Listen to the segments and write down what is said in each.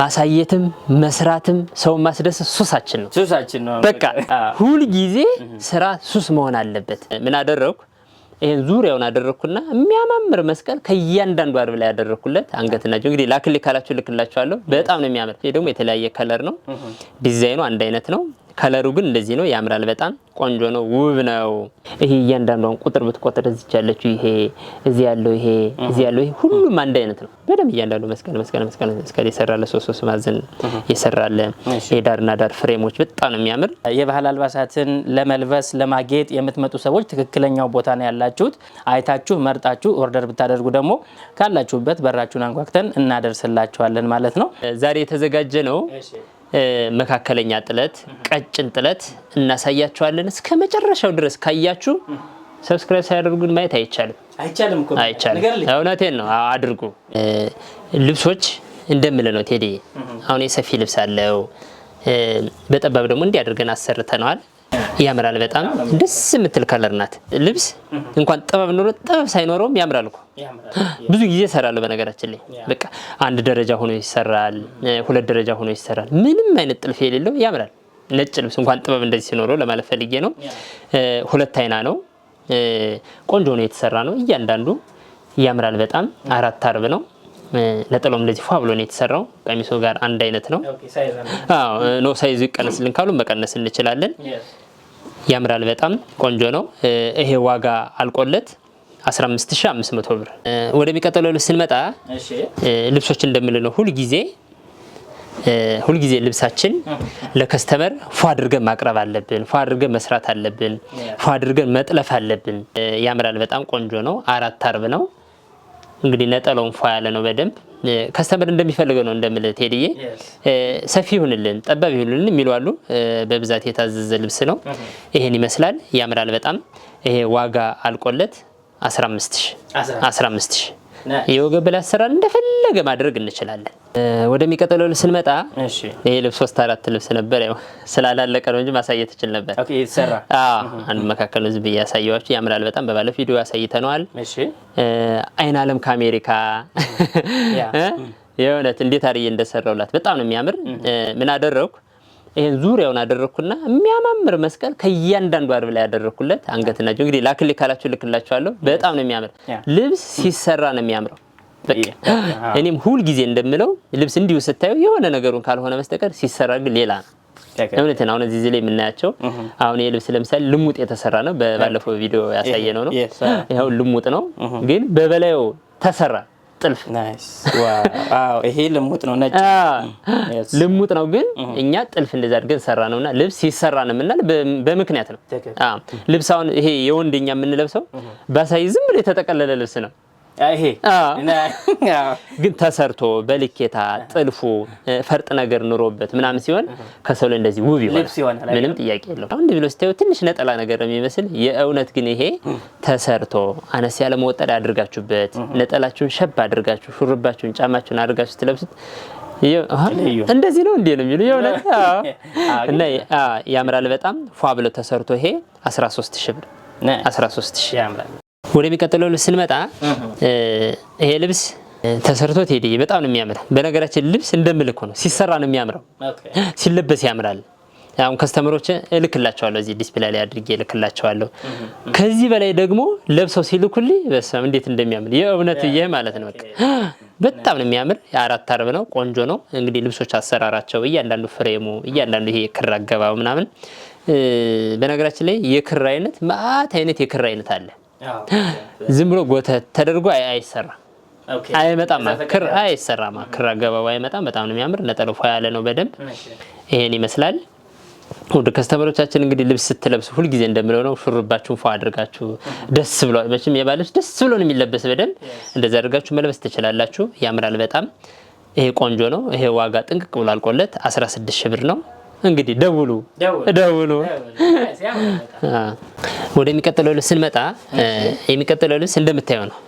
ማሳየትም መስራትም ሰውን ማስደሰት ሱሳችን ነው፣ ሱሳችን ነው። በቃ ሁል ጊዜ ስራ ሱስ መሆን አለበት። ምን አደረግኩ? ይሄን ዙሪያውን አደረግኩና የሚያማምር መስቀል ከእያንዳንዱ አርብ ላይ ያደረግኩለት አንገት ናቸው። እንግዲህ ላክልኝ ካላችሁ ልክላችኋለሁ። በጣም ነው የሚያምር። ይሄ ደግሞ የተለያየ ከለር ነው። ዲዛይኑ አንድ አይነት ነው። ከለሩ ግን እንደዚህ ነው፣ ያምራል። በጣም ቆንጆ ነው፣ ውብ ነው። ይሄ እያንዳንዷን ቁጥር ብትቆጥር እዚች ያለችው ይሄ እዚህ ያለው ይሄ እዚህ ያለው ይሄ ሁሉም አንድ አይነት ነው። በደንብ እያንዳንዱ መስቀል መስቀል መስቀል መስቀል የሰራለ ሶስት ሶስት ማዕዘን የሰራለ የዳርና ዳር ፍሬሞች በጣም ነው የሚያምር። የባህል አልባሳትን ለመልበስ ለማጌጥ የምትመጡ ሰዎች ትክክለኛው ቦታ ነው ያላችሁት። አይታችሁ መርጣችሁ ኦርደር ብታደርጉ ደግሞ ካላችሁበት በራችሁን አንኳክተን እናደርስላችኋለን ማለት ነው። ዛሬ የተዘጋጀ ነው መካከለኛ ጥለት፣ ቀጭን ጥለት እናሳያቸዋለን እስከ መጨረሻው ድረስ ካያችሁ ሰብስክራይብ ሳያደርጉን ማየት አይቻልም አይቻልም። እውነቴን ነው። አድርጉ። ልብሶች እንደምለነው ነው ቴዲ። አሁን የሰፊ ልብስ አለው። በጠባብ ደግሞ እንዲያደርገን አሰርተነዋል። ያምራል። በጣም ደስ የምትል ከለር ናት። ልብስ እንኳን ጥበብ ኖሮ ጥበብ ሳይኖረውም ያምራል እኮ ብዙ ጊዜ ይሰራሉ። በነገራችን ላይ በቃ አንድ ደረጃ ሆኖ ይሰራል፣ ሁለት ደረጃ ሆኖ ይሰራል። ምንም አይነት ጥልፍ የሌለው ያምራል። ነጭ ልብስ እንኳን ጥበብ እንደዚህ ሲኖረው ለማለት ፈልጌ ነው። ሁለት አይና ነው። ቆንጆ ነው የተሰራ ነው። እያንዳንዱ ያምራል በጣም አራት አርብ ነው። ነጠላውም እንደዚህ ፏ ብሎ ነው የተሰራው። ቀሚሶ ጋር አንድ አይነት ነው። ኖ ሳይዙ ይቀነስልን ካሉ መቀነስ እንችላለን። ያምራል። በጣም ቆንጆ ነው። ይሄ ዋጋ አልቆለት 15500 ብር። ወደሚቀጥለው ልብስ ስንመጣ ልብሶች እንደምል ነው ሁልጊዜ ሁልጊዜ ልብሳችን ለከስተመር ፏ አድርገን ማቅረብ አለብን። ፏ አድርገን መስራት አለብን። ፏ አድርገን መጥለፍ አለብን። ያምራል። በጣም ቆንጆ ነው። አራት አርብ ነው እንግዲህ ነጠለውን ፏ ያለ ነው። በደንብ ከስተመር እንደሚፈልገው ነው እንደምልህ ቴዲዬ፣ ሰፊ ይሁንልን ጠባብ ይሁንልን የሚሉ አሉ። በብዛት የታዘዘ ልብስ ነው። ይሄን ይመስላል። ያምራል በጣም ይሄ ዋጋ አልቆለት 15 15 የወገብ ላይ አሰራር እንደፈለገ ማድረግ እንችላለን። ወደሚቀጥለው ልብስ ስንመጣ ይህ ልብስ ሶስት አራት ልብስ ነበር፣ ያው ስላላለቀ ነው እንጂ ማሳየት እችል ነበር። አንዱ መካከል ነው ዝም ብዬ ያሳየኋቸው። ያምራል በጣም በባለ ቪዲዮ ያሳይተነዋል። አይን አለም ከአሜሪካ የእውነት እንዴት አርዬ እንደሰራውላት በጣም ነው የሚያምር። ምን አደረግኩ ይሄን ዙሪያውን አደረግኩና የሚያማምር መስቀል ከእያንዳንዱ አርብ ላይ ያደረግኩለት አንገት ናቸው። እንግዲህ ላክሌ ካላችሁ ልክላችኋለሁ። በጣም ነው የሚያምር ልብስ ሲሰራ ነው የሚያምረው። እኔም ሁል ጊዜ እንደምለው ልብስ እንዲሁ ስታዩ የሆነ ነገሩን ካልሆነ መስጠቀር ሲሰራ ግን ሌላ ነው። እውነትን አሁን እዚህ ላይ የምናያቸው አሁን የልብስ ለምሳሌ ልሙጥ የተሰራ ነው። በባለፈው ቪዲዮ ያሳየነው ነው። ይኸው ልሙጥ ነው ግን በበላዩ ተሰራ ጥልፍ ይሄ ልሙጥ ነው፣ ነጭ ልሙጥ ነው። ግን እኛ ጥልፍ እንደዛ አድርገን ሰራ ነውና ልብስ ይሰራ ነው የምናል በምክንያት ነው። ልብስ አሁን ይሄ የወንደኛ የምንለብሰው በሳይዝ ዝም ብሎ የተጠቀለለ ልብስ ነው። ይሄ ግን ተሰርቶ በልኬታ ጥልፉ ፈርጥ ነገር ኑሮበት ምናምን ሲሆን ከሰው ላይ እንደዚህ ውብ ይሆናል። ምንም ጥያቄ የለው። አሁን ብሎ ስታዩ ትንሽ ነጠላ ነገር ነው የሚመስል። የእውነት ግን ይሄ ተሰርቶ አነስ ያለ መወጠድ አድርጋችሁበት ነጠላችሁን ሸብ አድርጋችሁ ሹርባችሁን፣ ጫማችሁን አድርጋችሁ ስትለብሱት እንደዚህ ነው እንዴ ነው የሚሉ የእውነት እና ያምራል በጣም ፏ ብሎ ተሰርቶ ይሄ 13 ሺህ ብር 13 ሺህ ያምራል። ወደሚቀጥለው ልብስ ስንመጣ ይሄ ልብስ ተሰርቶ ቴዲ በጣም ነው የሚያምር። በነገራችን ልብስ እንደምልኩ ነው፣ ሲሰራ ነው የሚያምረው፣ ሲለበስ ያምራል። አሁን ከስተምሮች እልክላቸዋለሁ፣ እዚህ ዲስፕሌይ ላይ አድርጌ እልክላቸዋለሁ። ከዚህ በላይ ደግሞ ለብሰው ሲልኩልኝ በስመ እንዴት እንደሚያምር የእውነት ይሄ ማለት ነው። በቃ በጣም ነው የሚያምር። የአራት አርብ ነው፣ ቆንጆ ነው። እንግዲህ ልብሶች አሰራራቸው፣ እያንዳንዱ ፍሬሙ፣ እያንዳንዱ ይሄ ክር አገባው ምናምን። በነገራችን ላይ የክር አይነት ማአት አይነት የክር አይነት አለ ዝም ብሎ ጎተት ተደርጎ አይሰራም፣ አይመጣም። ክር አይሰራም። ክር አገባቡ አይመጣም። በጣም ነው የሚያምር። ነጠለፏ ያለ ነው በደንብ ይሄን ይመስላል። ወደ ከስተመሮቻችን እንግዲህ ልብስ ስትለብሱ ሁልጊዜ እንደምለው ነው፣ ሹሩባችሁን ፎ አድርጋችሁ ደስ ብሎ መቼም የባለች ደስ ብሎ ነው የሚለበስ። በደንብ እንደዚህ አድርጋችሁ መልበስ ትችላላችሁ። ያምራል በጣም ይሄ ቆንጆ ነው። ይሄ ዋጋ ጥንቅቅ ብሎ አልቆለት 16 ሺህ ብር ነው። እንግዲህ ደውሉ ደውሉ። ወደሚቀጥለው ልብስ ስንመጣ የሚቀጥለው ልብስ እንደምታየው ነው።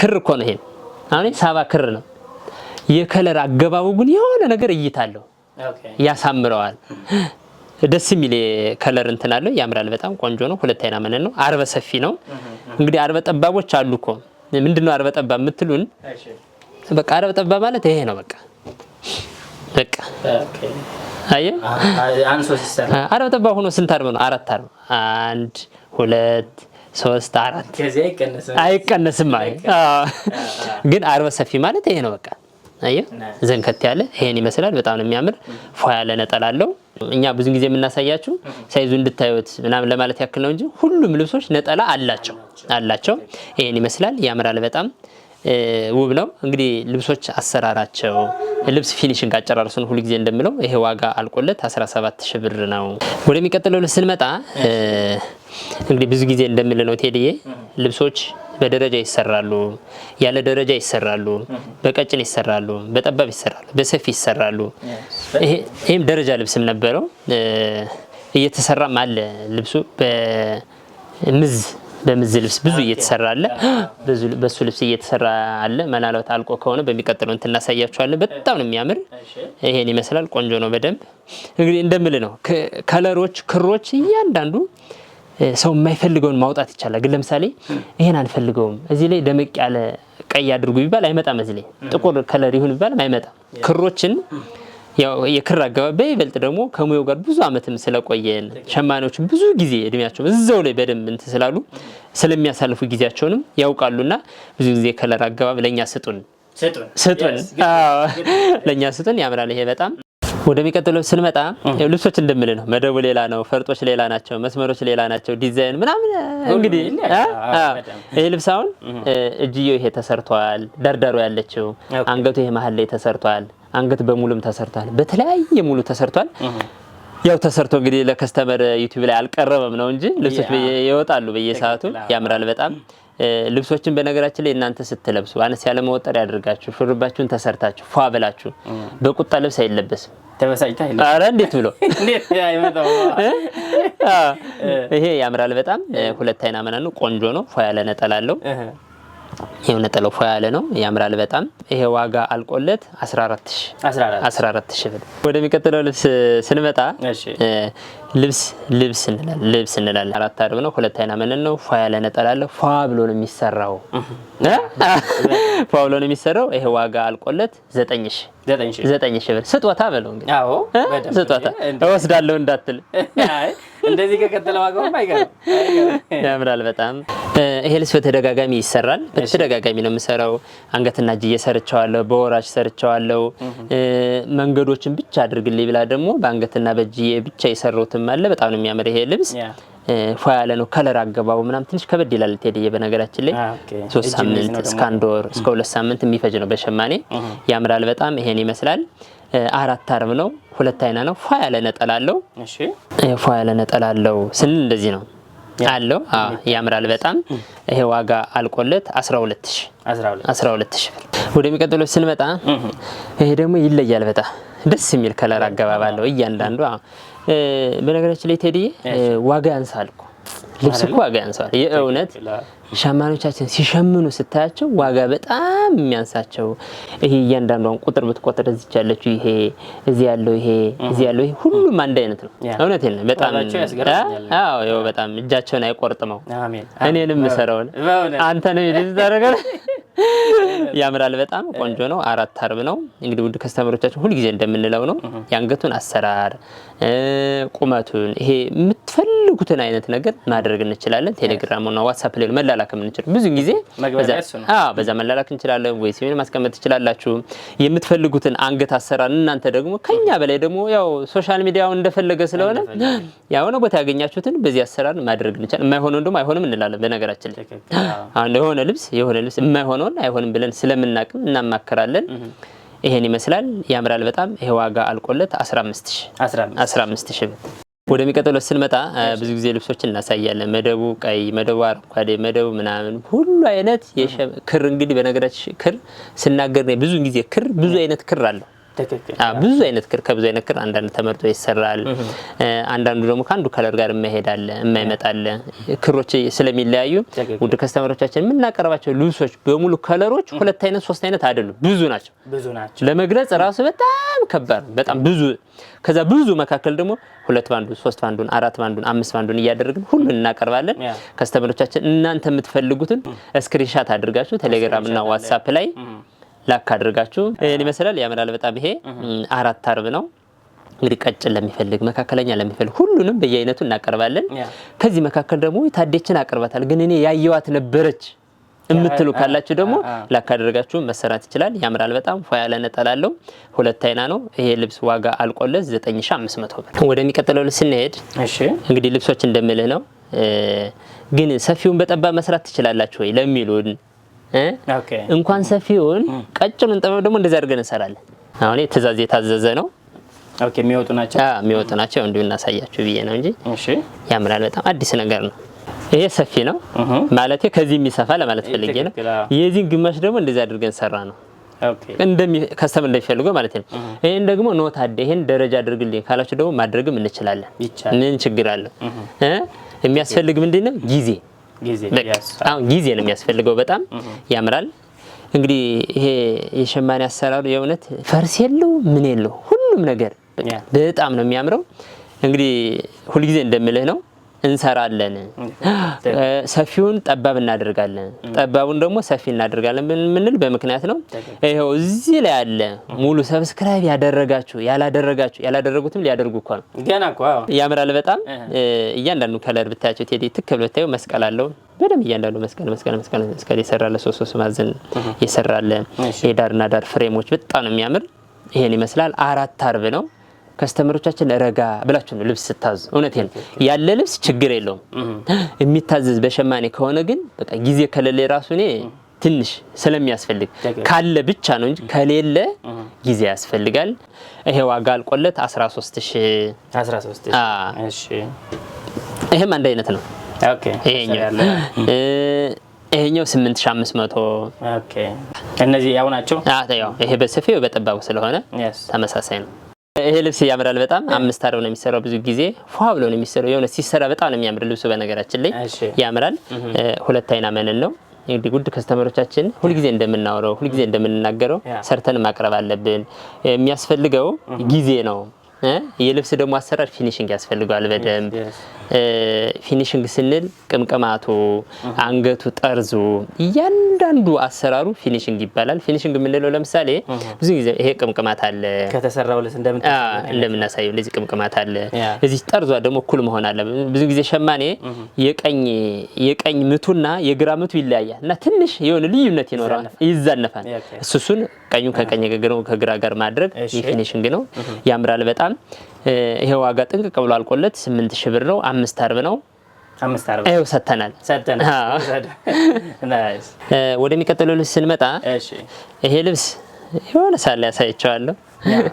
ክር እኮ ነው። ይሄ አሁን ሳባ ክር ነው። የከለር አገባቡ ግን የሆነ ነገር እይታ አለው፣ ያሳምረዋል። ደስ የሚል ከለር እንትን አለው፣ ያምራል። በጣም ቆንጆ ነው። ሁለት አይና መነን ነው። አርበ ሰፊ ነው። እንግዲህ አርበ ጠባቦች አሉ እኮ። ምንድነው አርበ ጠባብ የምትሉን? በቃ አርበ ጠባብ ማለት ይሄ ነው በቃ በቃ አየህ፣ አርብ ሆኖ ስንት አርብ ነው? አራት አርብ። አንድ ሁለት ሶስት አራት አይቀነስም። አይ ግን አርበ ሰፊ ማለት ይሄ ነው በቃ አየህ፣ ዘንከት ያለ ይሄን ይመስላል። በጣም ነው የሚያምር። ፏ ያለ ነጠላ አለው። እኛ ብዙ ጊዜ የምናሳያችሁ ሳይዙ እንድታዩት ምናምን ለማለት ያክል ነው እንጂ ሁሉም ልብሶች ነጠላ አላቸው አላቸው። ይሄን ይመስላል። ያምራል በጣም ውብ ነው። እንግዲህ ልብሶች አሰራራቸው ልብስ ፊኒሽንግ አጨራርሱን ሁሉ ጊዜ እንደምለው ይሄ ዋጋ አልቆለት 17 ሺህ ብር ነው። ወደሚቀጥለው ልብስ ስንመጣ እንግዲህ ብዙ ጊዜ እንደምልነው ቴዲዬ ልብሶች በደረጃ ይሰራሉ፣ ያለ ደረጃ ይሰራሉ፣ በቀጭን ይሰራሉ፣ በጠባብ ይሰራሉ፣ በሰፊ ይሰራሉ። ይህም ደረጃ ልብስም ነበረው እየተሰራም አለ ልብሱ በምዝ በምዝ ልብስ ብዙ እየተሰራ አለ። በሱ ልብስ እየተሰራ አለ። መላለት አልቆ ከሆነ በሚቀጥለው እንትን እናሳያቸዋለን። በጣም ነው የሚያምር። ይሄን ይመስላል። ቆንጆ ነው። በደንብ እንግዲህ እንደምል ነው ከለሮች፣ ክሮች እያንዳንዱ ሰው የማይፈልገውን ማውጣት ይቻላል። ግን ለምሳሌ ይሄን አንፈልገውም እዚህ ላይ ደመቅ ያለ ቀይ አድርጉ ቢባል አይመጣም። እዚህ ላይ ጥቁር ከለር ይሁን ቢባል አይመጣም። ክሮችን የክር አገባብ ይበልጥ ደግሞ ከሙያው ጋር ብዙ አመትም ስለቆየን ሸማኔዎች ብዙ ጊዜ እድሜያቸው እዛው ላይ በደንብ እንትን ስላሉ ስለሚያሳልፉ ጊዜያቸውንም ያውቃሉና ብዙ ጊዜ ከለር አገባብ ለእኛ ስጡን ስጡን ለእኛ ስጡን ያምራል። ይሄ በጣም ወደሚቀጥለው ስንመጣ ልብሶች እንደምል ነው። መደቡ ሌላ ነው፣ ፈርጦች ሌላ ናቸው፣ መስመሮች ሌላ ናቸው፣ ዲዛይን ምናምን እንግዲህ ልብስ አሁን እጅየው ይሄ ተሰርቷል፣ ደርደሩ ያለችው አንገቱ ይሄ መሀል ላይ ተሰርቷል። አንገት በሙሉም ተሰርቷል፣ በተለያየ ሙሉ ተሰርቷል። ያው ተሰርቶ እንግዲህ ለከስተመር ዩቲዩብ ላይ አልቀረበም ነው እንጂ ልብሶች ይወጣሉ በየሰዓቱ ያምራል በጣም ልብሶችን በነገራችን ላይ እናንተ ስትለብሱ አነስ ያለ መወጠር ያደርጋችሁ ሹርባችሁን ተሰርታችሁ ፏ ብላችሁ በቁጣ ልብስ አይለበስም። አረ እንዴት ብሎ ይሄ ያምራል በጣም ሁለት አይና መናኑ ቆንጆ ነው። ፏ ያለ ነጠላ አለው። የሆነ ጥለው ፎ ያለ ነው፣ ያምራል በጣም። ይሄ ዋጋ አልቆለት 14 14 14000 ብር። ወደሚቀጥለው ልብስ ስንመጣ ልብስ ልብስ እንላለን። ልብስ እንላለን። አራት አርብ ነው። ሁለት አይና መለል ነው። ፏ ያለ ነጠላ አለ። ፏ ብሎ ነው የሚሰራው። ፏ ብሎ ነው የሚሰራው። ይሄ ዋጋ አልቆለት ዘጠኝ ሺህ ዘጠኝ ሺህ ብር ስጦታ በለው እንግዲህ። አዎ ስጦታ እወስዳለሁ እንዳትል። እንደዚህ ከቀጠለ ዋጋው አይቀርም። ያምራል በጣም ይሄ ልብስ በተደጋጋሚ ይሰራል። በተደጋጋሚ ነው የምሰራው። አንገትና እጅዬ ሰርቸዋለሁ፣ በወራሽ ሰርቸዋለሁ። መንገዶችን ብቻ አድርግልኝ ብላ ደግሞ በአንገትና በእጅዬ ብቻ የሰሩትም ቀለም አለ። በጣም ነው የሚያምር ይሄ ልብስ ፏ ያለ ነው። ከለር አገባቡ ምናም ትንሽ ከበድ ይላል። ቴዲዬ በነገራችን ላይ ሶስት ሳምንት እስከ አንድ ወር እስከ ሁለት ሳምንት የሚፈጅ ነው በሸማኔ ያምራል። በጣም ይሄን ይመስላል። አራት አርም ነው። ሁለት አይና ነው። ፏ ያለ ነጠላ አለው። ፏ ያለ ነጠላ አለው ስንል እንደዚህ ነው አለው ያምራል በጣም ይሄ ዋጋ አልቆለት 12 ሺህ 12 ሺህ ወደሚቀጥለው ስንመጣ ይሄ ደግሞ ይለያል በጣም ደስ የሚል ከለር አገባብ አለው እያንዳንዱ በነገራችን ላይ ቴዲ ዋጋ ያንሳልኩ ልብስ እኮ ዋጋ ያንሳል። የእውነት ሸማኔዎቻችን ሲሸምኑ ስታያቸው ዋጋ በጣም የሚያንሳቸው ይሄ እያንዳንዷን ቁጥር ብትቆጥር እዚች ያለችው ይሄ እዚህ ያለው ይሄ እዚህ ያለው ይሄ ሁሉም አንድ አይነት ነው። እውነት የለም። በጣም በጣም እጃቸውን አይቆርጥመው እኔንም ምሰረውን አንተ ነው ታደረገ ያምራል። በጣም ቆንጆ ነው። አራት አርብ ነው እንግዲህ ውድ ከስተመሮቻችን ሁልጊዜ እንደምንለው ነው የአንገቱን አሰራር ቁመቱን፣ ይሄ የምትፈልጉትን አይነት ነገር ማድረግ እንችላለን። ቴሌግራም እና ዋትሳፕ ላይ መላላክ የምንችል ብዙ ጊዜ በዛ መላላክ እንችላለን፣ ወይ ሲሚን ማስቀመጥ ትችላላችሁ። የምትፈልጉትን አንገት አሰራር እናንተ ደግሞ ከኛ በላይ ደግሞ ያው ሶሻል ሚዲያውን እንደፈለገ ስለሆነ የሆነ ቦታ ያገኛችሁትን በዚህ አሰራር ማድረግ እንችላለን። የማይሆነ ደግሞ አይሆንም እንላለን። በነገራችን ላይ የሆነ ልብስ የሆነ ልብስ የማይሆነው የሚሆን አይሆንም ብለን ስለምናቅም እናማከራለን። ይሄን ይመስላል። ያምራል በጣም ይሄ ዋጋ አልቆለት 15 ሺህ ብር። ወደሚቀጥለው ስንመጣ ብዙ ጊዜ ልብሶች እናሳያለን። መደቡ ቀይ፣ መደቡ አረንጓዴ፣ መደቡ ምናምን ሁሉ አይነት ክር እንግዲህ በነገራችን ክር ስናገር ብዙ ጊዜ ክር ብዙ አይነት ክር አለው ብዙ አይነት ክር ከብዙ አይነት ክር አንዳንድ ተመርጦ ይሰራል። አንዳንዱ ደግሞ ከአንዱ ከለር ጋር የማይሄዳለ የማይመጣለ ክሮች ስለሚለያዩ ውድ ከስተመሮቻችን የምናቀርባቸው ልብሶች በሙሉ ከለሮች ሁለት አይነት ሶስት አይነት አይደሉም፣ ብዙ ናቸው። ለመግለጽ ራሱ በጣም ከባድ በጣም ብዙ ከዛ ብዙ መካከል ደግሞ ሁለት ባንዱ ሶስት ባንዱን፣ አራት ባንዱን፣ አምስት ባንዱን እያደረግን ሁሉን እናቀርባለን። ከስተመሮቻችን እናንተ የምትፈልጉትን ስክሪንሻት አድርጋችሁ ቴሌግራም እና ዋትሳፕ ላይ ላክ አድርጋችሁ ይመስላል ያምራል በጣም ይሄ አራት አርብ ነው እንግዲህ ቀጭን ለሚፈልግ መካከለኛ ለሚፈልግ ሁሉንም በየአይነቱ እናቀርባለን። ከዚህ መካከል ደግሞ ታዴችን አቅርበታል ግን እኔ ያየዋት ነበረች የምትሉ ካላችሁ ደግሞ ላክ አድርጋችሁ መሰራት ይችላል። ያምራል በጣም ፏ ያለ ነጠላ አለው። ሁለት አይና ነው ይሄ ልብስ ዋጋ አልቆለት 9500 ብር። ወደሚቀጥለው ልብስ ስንሄድ እንግዲህ ልብሶች እንደምልህ ነው ግን ሰፊውን በጠባብ መስራት ትችላላችሁ ወይ ለሚሉን እንኳን ሰፊውን ቀጭኑን ጥበብ ደግሞ እንደዚህ አድርገን እንሰራለን። አሁን ትእዛዝ የታዘዘ ነው የሚወጡ ናቸው የሚወጡ ናቸው። እንዲሁ እናሳያችሁ ብዬ ነው እንጂ ያምራል። በጣም አዲስ ነገር ነው። ይሄ ሰፊ ነው ማለት ከዚህ የሚሰፋ ለማለት ፈልጌ ነው። የዚህን ግማሽ ደግሞ እንደዚህ አድርገን ሰራ ነው ከስተም እንደሚፈልገው ማለት ነው። ይህን ደግሞ ኖት አደ ይህን ደረጃ አድርግልኝ ካላችሁ ደግሞ ማድረግም እንችላለን። ምን ችግር አለው? የሚያስፈልግ ምንድን ነው ጊዜ አሁን ጊዜ ነው የሚያስፈልገው። በጣም ያምራል። እንግዲህ ይሄ የሸማኔ አሰራሩ የእውነት ፈርስ የለው ምን የለው ሁሉም ነገር በጣም ነው የሚያምረው። እንግዲህ ሁልጊዜ እንደምልህ ነው እንሰራለን። ሰፊውን ጠባብ እናደርጋለን፣ ጠባቡን ደግሞ ሰፊ እናደርጋለን ምንል በምክንያት ነው። ይኸው እዚህ ላይ ያለ ሙሉ ሰብስክራይብ ያደረጋችሁ ያላደረጋችሁ፣ ያላደረጉትም ሊያደርጉ እኮ ነው። ያምራል በጣም እያንዳንዱ ከለር ብታያቸው፣ ቴዲ ትክ ብሎ ብታየው መስቀል አለው በደንብ እያንዳንዱ መስቀል መስቀል መስቀል መስቀል የሰራለ ሶስት ሶስት ማዘን የሰራለ የዳርና ዳር ፍሬሞች በጣም ነው የሚያምር። ይሄን ይመስላል። አራት አርብ ነው ከስተመሮቻችን ረጋ ብላችሁ ነው ልብስ ስታዙ። እውነቴን ያለ ልብስ ችግር የለውም የሚታዘዝ በሸማኔ ከሆነ ግን በቃ ጊዜ ከሌለ የራሱ እኔ ትንሽ ስለሚያስፈልግ ካለ ብቻ ነው እንጂ ከሌለ ጊዜ ያስፈልጋል። ይሄ ዋጋ አልቆለት 13 ይሄም አንድ አይነት ነው። ይሄኛው 8500 እነዚህ ያው ናቸው። ይሄ በሰፊው በጠባቡ ስለሆነ ተመሳሳይ ነው። ይሄ ልብስ ያምራል በጣም አምስት አረብ ነው የሚሰራው። ብዙ ጊዜ ፏ ብሎ ነው የሚሰራው። የሆነ ሲሰራ በጣም ነው የሚያምር ልብሱ። በነገራችን ላይ ያምራል። ሁለት አይና መነን ነው እንግዲህ ውድ ከስተመሮቻችን ሁልጊዜ እንደምናወረው ሁልጊዜ እንደምንናገረው ሰርተን ማቅረብ አለብን። የሚያስፈልገው ጊዜ ነው። የልብስ ደግሞ አሰራር ፊኒሽንግ ያስፈልገዋል በደንብ ፊኒሽንግ ስንል ቅምቅማቱ፣ አንገቱ፣ ጠርዙ እያንዳንዱ አሰራሩ ፊኒሽንግ ይባላል። ፊኒሽንግ የምንለው ለምሳሌ ብዙ ጊዜ ይሄ ቅምቅማት አለ ከተሰራው ልብስ እንደምናሳየው እንደዚህ ቅምቅማት አለ። እዚህ ጠርዟ ደግሞ እኩል መሆን አለ። ብዙ ጊዜ ሸማኔ የቀኝ የቀኝ ምቱና የግራ ምቱ ይለያያል እና ትንሽ የሆነ ልዩነት ይኖራል፣ ይዛነፋል። እሱሱን ቀኙ ከቀኝ ከግራ ጋር ማድረግ ፊኒሽንግ ነው። ያምራል በጣም ይሆናል። ይሄ ዋጋ ጥንቅቅ ብሎ አልቆለት ስምንት ሺህ ብር ነው። አምስት አርብ ነው። ይኸው ሰተናል። ወደሚቀጥለው ልብስ ስንመጣ ይሄ ልብስ የሆነ ሳለ ያሳይቸዋለሁ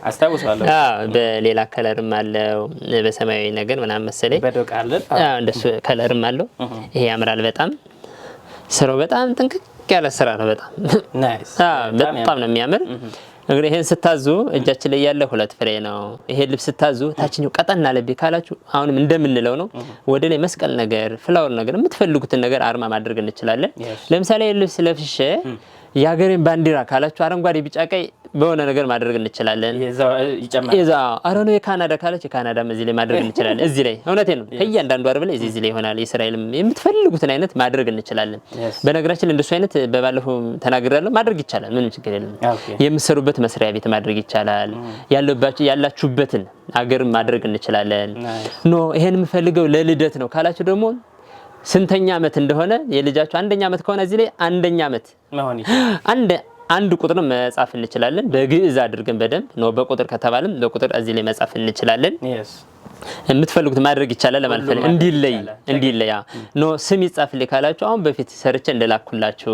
አስታውሳለሁ። በሌላ ከለርም አለው በሰማያዊ ነገር ምናምን መሰለኝ እንደሱ ከለርም አለው። ይሄ ያምራል በጣም ስራው በጣም ጥንቅቅ ያለ ስራ ነው። በጣም በጣም ነው የሚያምር እንግዲህ ይሄን ስታዙ እጃችን ላይ ያለ ሁለት ፍሬ ነው። ይሄ ልብስ ስታዙ ታችኛው ቀጠን አለብ ካላችሁ አሁንም እንደምንለው ነው። ወደ ላይ መስቀል ነገር፣ ፍላወር ነገር፣ የምትፈልጉትን ነገር አርማ ማድረግ እንችላለን። ለምሳሌ ልብስ ለፍሼ የሀገሬን ባንዲራ ካላችሁ አረንጓዴ፣ ቢጫ፣ ቀይ በሆነ ነገር ማድረግ እንችላለን። ነው የካናዳ ካለች የካናዳ እዚህ ላይ ማድረግ እንችላለን። እዚህ ላይ እውነቴ ነው። ከእያንዳንዱ አርብ ላይ እዚህ ላይ ይሆናል። የእስራኤልም የምትፈልጉትን አይነት ማድረግ እንችላለን። በነገራችን ላይ እንደሱ አይነት በባለፈው ተናግሬያለሁ። ማድረግ ይቻላል፣ ምንም ችግር የለም። የምትሰሩበት መስሪያ ቤት ማድረግ ይቻላል። mm. ያላችሁበትን አገር ማድረግ እንችላለን። ኖ ይሄን የምፈልገው ለልደት ነው ካላችሁ ደግሞ ስንተኛ ዓመት እንደሆነ የልጃችሁ አንደኛ ዓመት ከሆነ እዚህ ላይ አንደኛ ዓመት አንድ አንድ ቁጥር መጻፍ እንችላለን። በግዕዝ አድርገን በደንብ ነው። በቁጥር ከተባለም በቁጥር እዚህ ላይ መጻፍ እንችላለን። የምትፈልጉት ማድረግ ይቻላል። ለማልፈል እንዲለይ እንዲለይ ኖ ስም ይጻፍልኝ ካላችሁ አሁን በፊት ሰርቼ እንደላኩላችሁ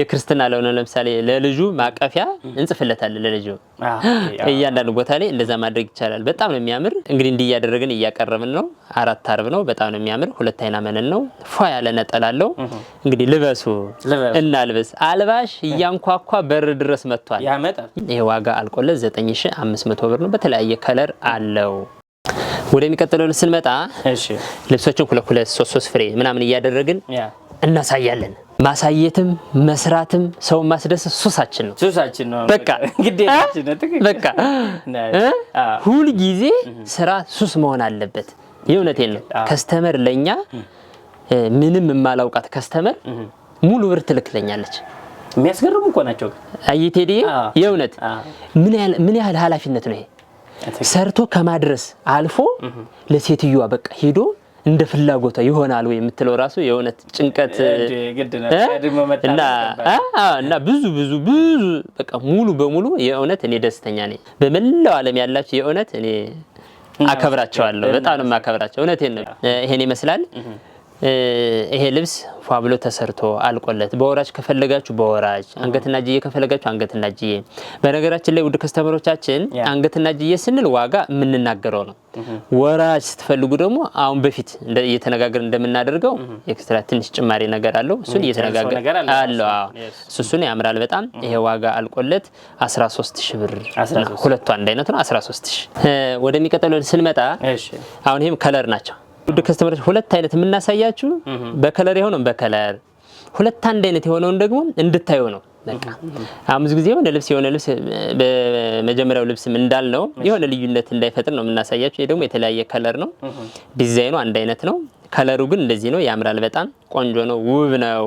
የክርስትና ለሆነ ለምሳሌ ለልጁ ማቀፊያ እንጽፍለታለን። ለልጁ እያንዳንዱ ቦታ ላይ እንደዛ ማድረግ ይቻላል። በጣም ነው የሚያምር። እንግዲህ እንዲህ እያደረግን እያቀረብን ነው። አራት አርብ ነው። በጣም ነው የሚያምር። ሁለት አይና መነን ነው። ፏ ያለ ነጠላለው። እንግዲህ ልበሱ እና ልበስ አልባሽ እያንኳኳ በር ድረስ መጥቷል። ይሄ ዋጋ አልቆለት 9500 ብር ነው። በተለያየ ከለር አለው። ወደሚቀጥለውን ስንመጣ ልብሶችን ሁለት ሁለት ሶስት ሶስት ፍሬ ምናምን እያደረግን እናሳያለን። ማሳየትም መስራትም ሰውን ማስደሰት ሱሳችን ነው፣ ሱሳችን ነው። በቃ በቃ ሁል ጊዜ ስራ ሱስ መሆን አለበት። የእውነቴን ነው። ከስተመር ለኛ ምንም የማላውቃት ከስተመር ሙሉ ብር ትልክለኛለች። የሚያስገርሙ እኮ ናቸው። አየቴዲ የእውነት ምን ያህል ኃላፊነት ነው ይሄ ሰርቶ ከማድረስ አልፎ ለሴትዮዋ በቃ ሄዶ እንደ ፍላጎቷ ይሆናል ወይ የምትለው ራሱ የእውነት ጭንቀት እና ብዙ ብዙ ብዙ በቃ ሙሉ በሙሉ የእውነት እኔ ደስተኛ ነኝ። በመላው ዓለም ያላችሁ የእውነት እኔ አከብራቸዋለሁ። በጣም ነው የማከብራቸው። እውነቴን ነው። ይሄን ይመስላል። ይሄ ልብስ ፏ ብሎ ተሰርቶ አልቆለት በወራጅ ከፈለጋችሁ በወራጅ አንገትና እጅዬ ከፈለጋችሁ አንገትና እጅዬ። በነገራችን ላይ ውድ ከስተመሮቻችን አንገትና እጅዬ ስንል ዋጋ የምንናገረው ነው። ወራጅ ስትፈልጉ ደግሞ አሁን በፊት እየተነጋገር እንደምናደርገው ኤክስትራ ትንሽ ጭማሪ ነገር አለው። እሱን እየተነጋገር አለው። እሱን ያምራል በጣም ይሄ ዋጋ አልቆለት 13 ሺህ ብር ሁለቱ አንድ አይነት ነው። 13 ሺህ ወደሚቀጥለው ስንመጣ አሁን ይህም ከለር ናቸው ውድ ከስተመሮች ሁለት አይነት የምናሳያችሁ በከለር የሆነውን በከለር ሁለት አንድ አይነት የሆነውን ደግሞ እንድታዩ ነው። በቃ ብዙ ጊዜ የሆነ ልብስ የሆነ ልብስ በመጀመሪያው ልብስም እንዳልነው የሆነ ልዩነት እንዳይፈጥር ነው የምናሳያችሁ። ይሄ ደግሞ የተለያየ ከለር ነው። ዲዛይኑ አንድ አይነት ነው። ከለሩ ግን እንደዚህ ነው። ያምራል። በጣም ቆንጆ ነው። ውብ ነው።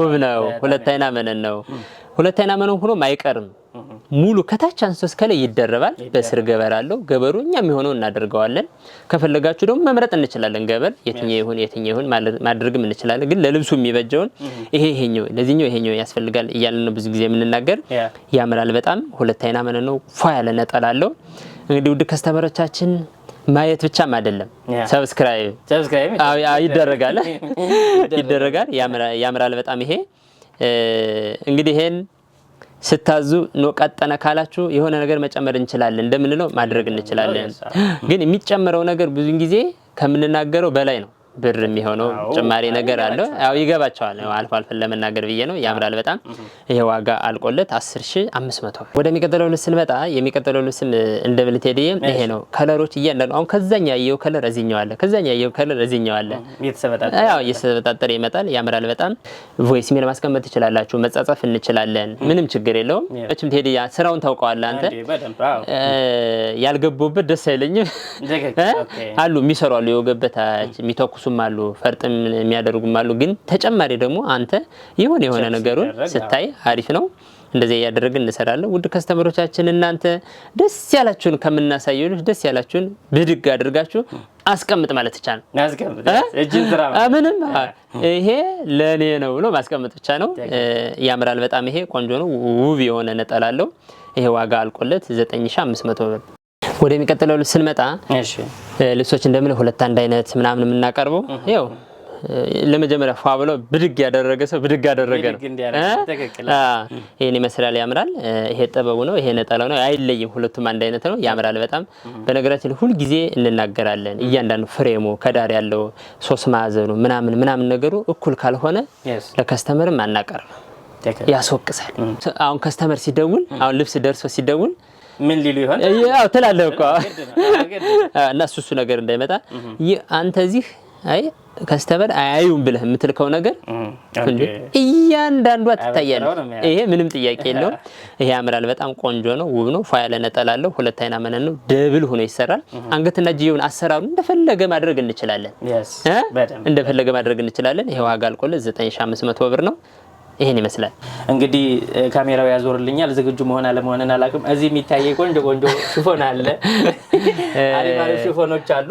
ውብ ነው። ሁለት አይና መነን ነው። ሁለት አይና መነን ሆኖም አይቀርም። ሙሉ ከታች አንስቶ እስከ ላይ ይደረባል። በስር ገበር አለው። ገበሩ እኛ የሚሆነው እናደርገዋለን። ከፈለጋችሁ ደግሞ መምረጥ እንችላለን። ገበር የትኛው ይሁን የትኛው ይሁን ማድረግም እንችላለን። ግን ለልብሱ የሚበጀውን ይሄ ይሄኛው ለዚህኛው ይሄኛው ያስፈልጋል እያለን ነው ብዙ ጊዜ የምንናገር። ያምራል በጣም ሁለት አይና መነ ነው ፏ ያለ ነጠላ አለው። እንግዲህ ውድ ከስተመሮቻችን ማየት ብቻም አይደለም፣ ሰብስክራይብ ይደረጋል ይደረጋል። ያምራል በጣም ይሄ እንግዲህ ይሄን ስታዙ ኖ ቀጠነ ካላችሁ የሆነ ነገር መጨመር እንችላለን እንደምንለው ማድረግ እንችላለን። ግን የሚጨመረው ነገር ብዙን ጊዜ ከምንናገረው በላይ ነው። ብር የሚሆነው ጭማሪ ነገር አለው። ያው ይገባቸዋል። አልፎ አልፈን ለመናገር ብዬ ነው። ያምራል በጣም ይሄ ዋጋ አልቆለት 10500 ብር። ወደሚቀጥለው ልብስ ስንመጣ የሚቀጥለው ልብስም እንደ ብልቴድዬ ይሄ ነው። ከለሮች እያንዳንዱ አሁን ከዛኛ ያየው ከለር እዚህኛው አለ፣ ከዛኛ ያየው ከለር እዚህኛው አለ። ያው እየተሰበጣጠረ ይመጣል። ያምራል በጣም ቮይስ ሜል ማስቀመጥ ትችላላችሁ። መጻጻፍ እንችላለን። ምንም ችግር የለውም። እችም ቴድያ ስራውን ታውቀዋለህ አንተ። ያልገቡበት ደስ አይለኝም አሉ የሚሰሩ አሉ የወገበታች የሚተኩሱ የሚያነሱም አሉ፣ ፈርጥም የሚያደርጉም አሉ። ግን ተጨማሪ ደግሞ አንተ የሆነ የሆነ ነገሩን ስታይ አሪፍ ነው። እንደዚያ እያደረግን እንሰራለን። ውድ ከስተመሮቻችን እናንተ ደስ ያላችሁን ከምናሳየ ደስ ያላችሁን ብድግ አድርጋችሁ አስቀምጥ ማለት ቻ ነው። ምንም ይሄ ለእኔ ነው ብሎ ማስቀምጥ ብቻ ነው። ያምራል በጣም ይሄ ቆንጆ ነው። ውብ የሆነ ነጠላ አለው። ይሄ ዋጋ አልቆለት 9500 ብር ወደሚቀጥለው ልብስ ስንመጣ ልብሶች እንደምን ሁለት አንድ አይነት ምናምን የምናቀርበው ው ለመጀመሪያ ፏ ብሎ ብድግ ያደረገ ሰው ብድግ ያደረገ ነው። ይህን ይመስላል። ያምራል። ይሄ ጥበቡ ነው። ይሄ ነጠላው ነው። አይለይም። ሁለቱም አንድ አይነት ነው። ያምራል በጣም በነገራችን ሁል ጊዜ እንናገራለን። እያንዳንዱ ፍሬሙ ከዳር ያለው ሶስት ማዕዘኑ ምናምን ምናምን ነገሩ እኩል ካልሆነ ለከስተመርም አናቀርብ፣ ያስወቅሳል። አሁን ከስተመር ሲደውል አሁን ልብስ ደርሶ ሲደውል ምን ሊሉ ይሆን? ያው ትላለህ እኮ እና እሱ እሱ ነገር እንዳይመጣ አንተ እዚህ አይ ከስተመር አያዩም ብለህ የምትልከው ነገር እያንዳንዷ ትታያለህ። ይሄ ምንም ጥያቄ የለውም። ይሄ ያምራል። በጣም ቆንጆ ነው፣ ውብ ነው። ፏ ያለ ነጠላ አለው። ሁለት አይና መነን ነው። ደብል ሆኖ ይሰራል። አንገትና እጅየውን አሰራሩ እንደፈለገ ማድረግ እንችላለን፣ እንደፈለገ ማድረግ እንችላለን። ይሄ ዋጋ አልቆለት 9500 ብር ነው። ይህን ይመስላል እንግዲህ። ካሜራው ያዞርልኛል። ዝግጁ መሆን አለመሆንን አላውቅም። እዚህ የሚታየ ቆንጆ ቆንጆ ሽፎን አለ፣ አሪፍ ሽፎኖች አሉ።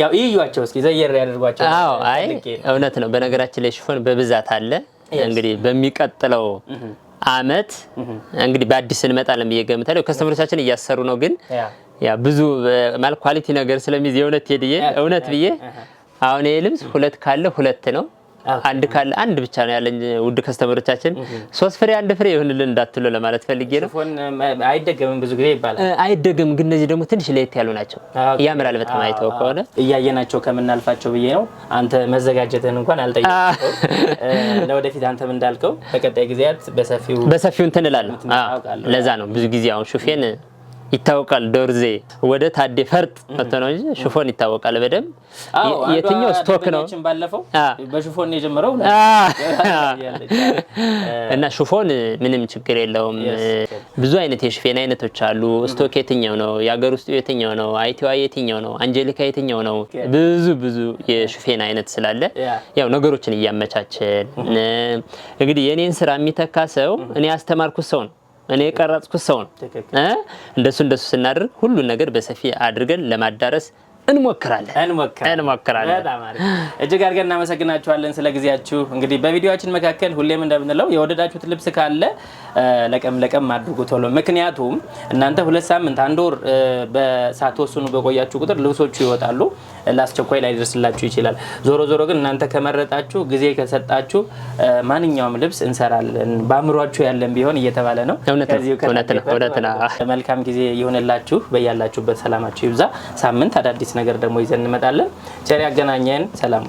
ያው ይዩዋቸው እስኪ ዘየር ያደርጓቸው። አዎ፣ አይ እውነት ነው። በነገራችን ላይ ሽፎን በብዛት አለ። እንግዲህ በሚቀጥለው አመት እንግዲህ በአዲስ እንመጣለን ብዬ ገምታለሁ። ከስተመሮቻችን እያሰሩ ነው፣ ግን ያ ብዙ ማለት ኳሊቲ ነገር ስለሚይዝ የእውነት ሄድዬ እውነት ብዬ አሁን ይህ ልብስ ሁለት ካለ ሁለት ነው አንድ ካለ አንድ ብቻ ነው ያለኝ። ውድ ከስተመሮቻችን ሶስት ፍሬ አንድ ፍሬ ይሁንልን እንዳትሉ ለማለት ፈልጌ ነው። አይደገምም ብዙ ጊዜ ይባላል አይደገም፣ ግን እነዚህ ደግሞ ትንሽ ለየት ያሉ ናቸው። ያምራል በጣም አይተው ከሆነ እያየናቸው ከምናልፋቸው ብዬ ነው። አንተ መዘጋጀትን እንኳን አልጠየቅኩም። ለወደፊት አንተም እንዳልከው በቀጣይ ጊዜያት በሰፊው በሰፊው እንትን እላለሁ። ለዛ ነው ብዙ ጊዜ አሁን ሹፌን ይታወቃል ዶርዜ ወደ ታዴ ፈርጥ መጥቶ ነው እንጂ ሽፎን ይታወቃል በደንብ የትኛው ስቶክ ነው ባለፈው በሽፎን የጀመረው እና ሽፎን ምንም ችግር የለውም ብዙ አይነት የሽፌን አይነቶች አሉ mm. ስቶክ የትኛው ነው የሀገር ውስጡ የትኛው ነው አይቲዋ የትኛው ነው አንጀሊካ የትኛው ነው ብዙ ብዙ የሽፌን አይነት ስላለ ያው ነገሮችን እያመቻችን mm-hmm. እንግዲህ የእኔን ስራ የሚተካ ሰው mm-hmm. እኔ ያስተማርኩት ሰው ነው እኔ የቀረጽኩት ሰው ነው። እንደሱ እንደሱ ስናደርግ ሁሉን ነገር በሰፊ አድርገን ለማዳረስ እንሞክራለን እንሞክራለን። እጅግ አድርገን እናመሰግናችኋለን ስለ ጊዜያችሁ። እንግዲህ በቪዲዮችን መካከል ሁሌም እንደምንለው የወደዳችሁት ልብስ ካለ ለቀም ለቀም አድርጉ ቶሎ። ምክንያቱም እናንተ ሁለት ሳምንት አንድ ወር ሳትወስኑ በቆያችሁ ቁጥር ልብሶቹ ይወጣሉ፣ ለአስቸኳይ ላይደርስላችሁ ይችላል። ዞሮ ዞሮ ግን እናንተ ከመረጣችሁ ጊዜ ከሰጣችሁ ማንኛውም ልብስ እንሰራለን፣ በአእምሯችሁ ያለን ቢሆን እየተባለ ነው። መልካም ጊዜ ይሆንላችሁ። በያላችሁበት ሰላማችሁ ይብዛ። ሳምንት አዳዲስ ነገር ደግሞ ይዘን እንመጣለን። ቸር ያገናኘን። ሰላም